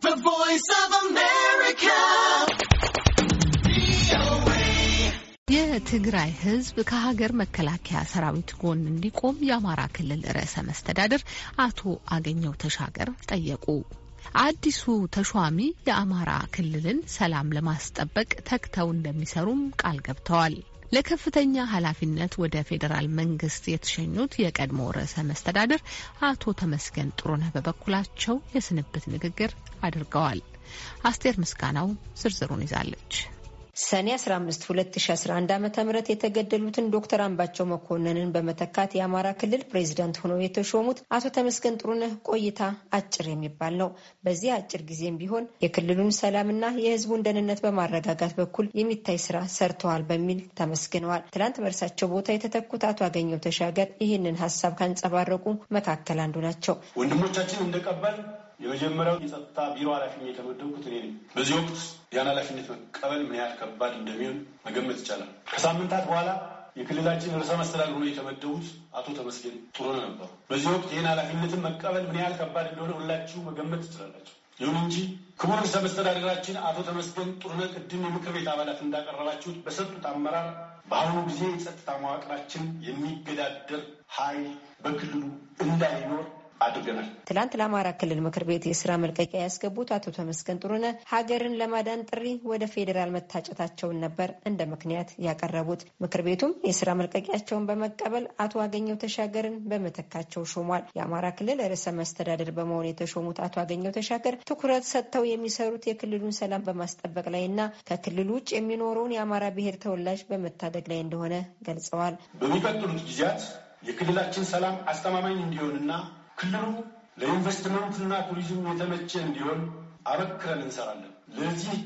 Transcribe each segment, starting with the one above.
The Voice of America. የትግራይ ሕዝብ ከሀገር መከላከያ ሰራዊት ጎን እንዲቆም የአማራ ክልል ርዕሰ መስተዳድር አቶ አገኘው ተሻገር ጠየቁ። አዲሱ ተሿሚ የአማራ ክልልን ሰላም ለማስጠበቅ ተግተው እንደሚሰሩም ቃል ገብተዋል። ለከፍተኛ ኃላፊነት ወደ ፌዴራል መንግስት የተሸኙት የቀድሞ ርዕሰ መስተዳድር አቶ ተመስገን ጥሩነህ በበኩላቸው የስንብት ንግግር አድርገዋል። አስቴር ምስጋናው ዝርዝሩን ይዛለች። ሰኔ 15 2011 ዓ ም የተገደሉትን ዶክተር አምባቸው መኮንንን በመተካት የአማራ ክልል ፕሬዚዳንት ሆነው የተሾሙት አቶ ተመስገን ጥሩነህ ቆይታ አጭር የሚባል ነው። በዚህ አጭር ጊዜም ቢሆን የክልሉን ሰላምና የህዝቡን ደህንነት በማረጋጋት በኩል የሚታይ ስራ ሰርተዋል በሚል ተመስግነዋል። ትናንት በእርሳቸው ቦታ የተተኩት አቶ አገኘው ተሻገር ይህንን ሀሳብ ካንጸባረቁ መካከል አንዱ ናቸው። ወንድሞቻችን እንደቀበል የመጀመሪያው የጸጥታ ቢሮ ኃላፊነት የተመደብኩት እኔ ነኝ። በዚህ ወቅት ያን ኃላፊነት መቀበል ምን ያህል ከባድ እንደሚሆን መገመት ይቻላል። ከሳምንታት በኋላ የክልላችን ርዕሰ መስተዳድር ሆኖ የተመደቡት አቶ ተመስገን ጥሩነህ ነበሩ። በዚህ ወቅት ይህን ኃላፊነትን መቀበል ምን ያህል ከባድ እንደሆነ ሁላችሁ መገመት ትችላላችሁ። ይሁን እንጂ ክቡር ርዕሰ መስተዳድራችን አቶ ተመስገን ጥሩነህ ቅድም የምክር ቤት አባላት እንዳቀረባችሁት በሰጡት አመራር በአሁኑ ጊዜ የጸጥታ መዋቅራችን የሚገዳደር ኃይል በክልሉ እንዳይኖር አድርገናል። ትላንት ለአማራ ክልል ምክር ቤት የስራ መልቀቂያ ያስገቡት አቶ ተመስገን ጥሩነ ሀገርን ለማዳን ጥሪ ወደ ፌዴራል መታጨታቸውን ነበር እንደ ምክንያት ያቀረቡት። ምክር ቤቱም የስራ መልቀቂያቸውን በመቀበል አቶ አገኘው ተሻገርን በመተካቸው ሾሟል። የአማራ ክልል ርዕሰ መስተዳደር በመሆን የተሾሙት አቶ አገኘው ተሻገር ትኩረት ሰጥተው የሚሰሩት የክልሉን ሰላም በማስጠበቅ ላይ እና ከክልሉ ውጭ የሚኖረውን የአማራ ብሔር ተወላጅ በመታደግ ላይ እንደሆነ ገልጸዋል። በሚቀጥሉት ጊዜያት የክልላችን ሰላም አስተማማኝ እንዲሆንና ክልሉ ለኢንቨስትመንትና ቱሪዝም የተመቸ እንዲሆን አበክረን እንሰራለን። ለዚህ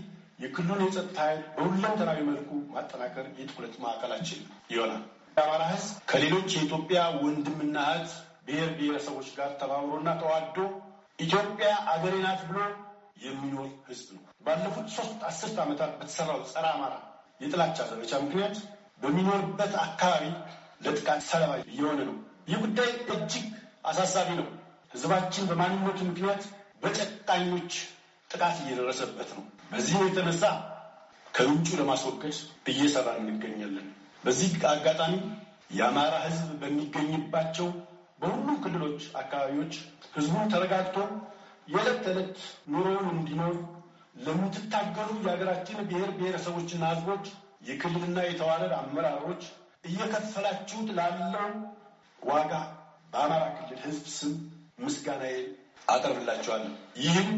የክልሉን የጸጥታ ኃይል በሁለንተናዊ መልኩ ማጠናከር የትኩረት ማዕከላችን ይሆናል። የአማራ ሕዝብ ከሌሎች የኢትዮጵያ ወንድምና እህት ብሔር ብሔረሰቦች ጋር ተባብሮና ተዋዶ ኢትዮጵያ አገሬ ናት ብሎ የሚኖር ሕዝብ ነው። ባለፉት ሶስት አስርት ዓመታት በተሰራው ጸረ አማራ የጥላቻ ዘመቻ ምክንያት በሚኖርበት አካባቢ ለጥቃት ሰለባ እየሆነ ነው። ይህ ጉዳይ እጅግ አሳሳቢ ነው። ህዝባችን በማንነቱ ምክንያት በጨካኞች ጥቃት እየደረሰበት ነው። በዚህ የተነሳ ከምንጩ ለማስወገድ እየሰራ እንገኛለን። በዚህ አጋጣሚ የአማራ ህዝብ በሚገኝባቸው በሁሉም ክልሎች፣ አካባቢዎች ህዝቡን ተረጋግቶ የዕለት ተዕለት ኑሮውን እንዲኖር ለምትታገሉ የሀገራችን ብሔር ብሔረሰቦችና ህዝቦች የክልልና የተዋረድ አመራሮች እየከፈላችሁት ላለው ዋጋ በአማራ ክልል ህዝብ ስም ምስጋናዬ አቀርብላቸዋለሁ። ይህም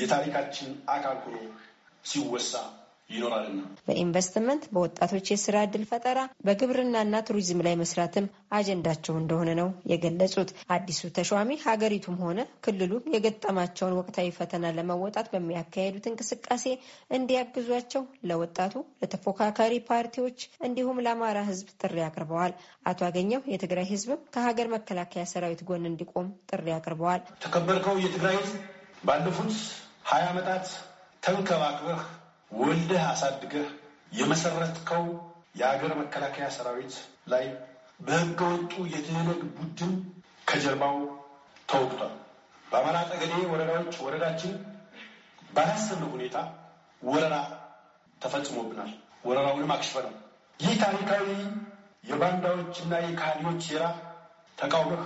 የታሪካችን አካል ሆኖ ሲወሳ ይኖራልና በኢንቨስትመንት በወጣቶች የስራ ዕድል ፈጠራ በግብርናና ቱሪዝም ላይ መስራትም አጀንዳቸው እንደሆነ ነው የገለጹት። አዲሱ ተሿሚ ሀገሪቱም ሆነ ክልሉ የገጠማቸውን ወቅታዊ ፈተና ለመወጣት በሚያካሄዱት እንቅስቃሴ እንዲያግዟቸው ለወጣቱ ለተፎካካሪ ፓርቲዎች እንዲሁም ለአማራ ህዝብ ጥሪ አቅርበዋል። አቶ አገኘው የትግራይ ህዝብም ከሀገር መከላከያ ሰራዊት ጎን እንዲቆም ጥሪ አቅርበዋል። ተከበርከው የትግራይ ህዝብ ባለፉት ሀያ ዓመታት ተንከባክበህ ወልደህ አሳድገህ የመሰረትከው የሀገር መከላከያ ሰራዊት ላይ በህገወጡ የትህነግ ቡድን ከጀርባው ተወግቷል። በአማራ ጠገዴ ወረዳዎች ወረዳችን ባላሰብነው ሁኔታ ወረራ ተፈጽሞብናል። ወረራውንም አክሽፈናል። ይህ ታሪካዊ የባንዳዎችና የካህዲዎች ሴራ ተቃውመህ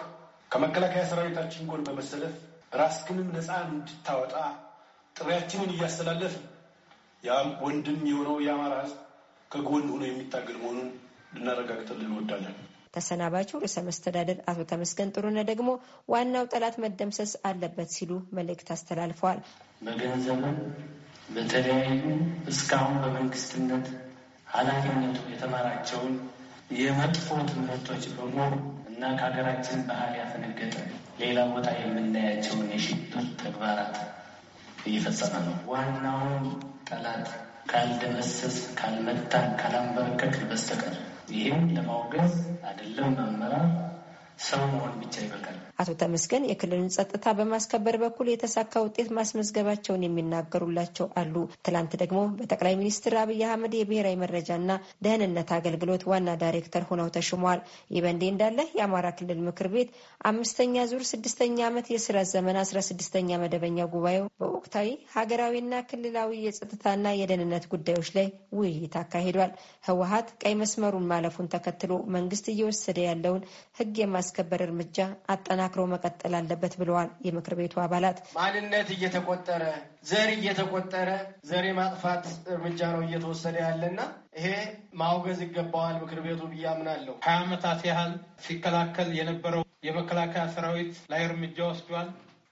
ከመከላከያ ሰራዊታችን ጎን በመሰለፍ ራስክንም ነፃ እንድታወጣ ጥሪያችንን እያስተላለፍን ወንድም የሆነው የአማራ ህዝብ ከጎን ሆኖ የሚታገል መሆኑን ልናረጋግጠል እንወዳለን። ተሰናባቹ ርዕሰ መስተዳደር አቶ ተመስገን ጥሩነህ ደግሞ ዋናው ጠላት መደምሰስ አለበት ሲሉ መልእክት አስተላልፈዋል። በገንዘብም በተለያዩ እስካሁን በመንግስትነት ኃላፊነቱ የተማራቸውን የመጥፎ ትምህርቶች በሙሉ እና ከሀገራችን ባህል ያፈነገጠ ሌላ ቦታ የምናያቸውን የሽብር ተግባራት እየፈጸመ ነው ዋናውን ጠላት ካልደመሰስ፣ ካልመታ፣ ካላንበረከክ በስተቀር ይህም ለማውገዝ አይደለም መመራ ሰው መሆን ብቻ ይበቃል። አቶ ተመስገን የክልሉን ጸጥታ በማስከበር በኩል የተሳካ ውጤት ማስመዝገባቸውን የሚናገሩላቸው አሉ። ትላንት ደግሞ በጠቅላይ ሚኒስትር አብይ አህመድ የብሔራዊ መረጃና ደህንነት አገልግሎት ዋና ዳይሬክተር ሆነው ተሽሟል። ይህ በእንዲህ እንዳለ የአማራ ክልል ምክር ቤት አምስተኛ ዙር ስድስተኛ ዓመት የስራ ዘመን አስራ ስድስተኛ መደበኛ ጉባኤው በወቅታዊ ሀገራዊና ክልላዊ የጸጥታና የደህንነት ጉዳዮች ላይ ውይይት አካሂዷል። ህወሀት ቀይ መስመሩን ማለፉን ተከትሎ መንግስት እየወሰደ ያለውን ህግ የማስ ያስከበር እርምጃ አጠናክሮ መቀጠል አለበት ብለዋል የምክር ቤቱ አባላት። ማንነት እየተቆጠረ ዘር እየተቆጠረ ዘር የማጥፋት እርምጃ ነው እየተወሰደ ያለና ይሄ ማውገዝ ይገባዋል ምክር ቤቱ ብዬ አምናለሁ። ሀያ ዓመታት ያህል ሲከላከል የነበረው የመከላከያ ሰራዊት ላይ እርምጃ ወስዷል።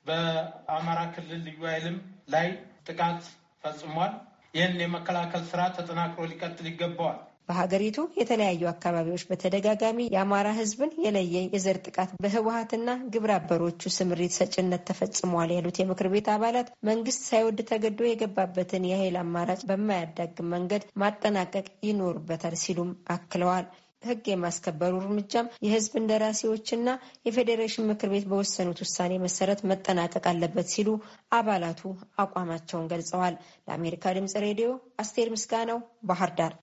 በአማራ ክልል ልዩ ኃይልም ላይ ጥቃት ፈጽሟል። ይህን የመከላከል ስራ ተጠናክሮ ሊቀጥል ይገባዋል። በሀገሪቱ የተለያዩ አካባቢዎች በተደጋጋሚ የአማራ ሕዝብን የለየ የዘር ጥቃት በህወሀትና ግብረ አበሮቹ ስምሪት ሰጭነት ተፈጽሟል ያሉት የምክር ቤት አባላት መንግስት ሳይወድ ተገዶ የገባበትን የኃይል አማራጭ በማያዳግም መንገድ ማጠናቀቅ ይኖርበታል ሲሉም አክለዋል። ህግ የማስከበሩ እርምጃም የህዝብ እንደራሴዎችና የፌዴሬሽን ምክር ቤት በወሰኑት ውሳኔ መሰረት መጠናቀቅ አለበት ሲሉ አባላቱ አቋማቸውን ገልጸዋል። ለአሜሪካ ድምጽ ሬዲዮ አስቴር ምስጋናው ባህር ዳር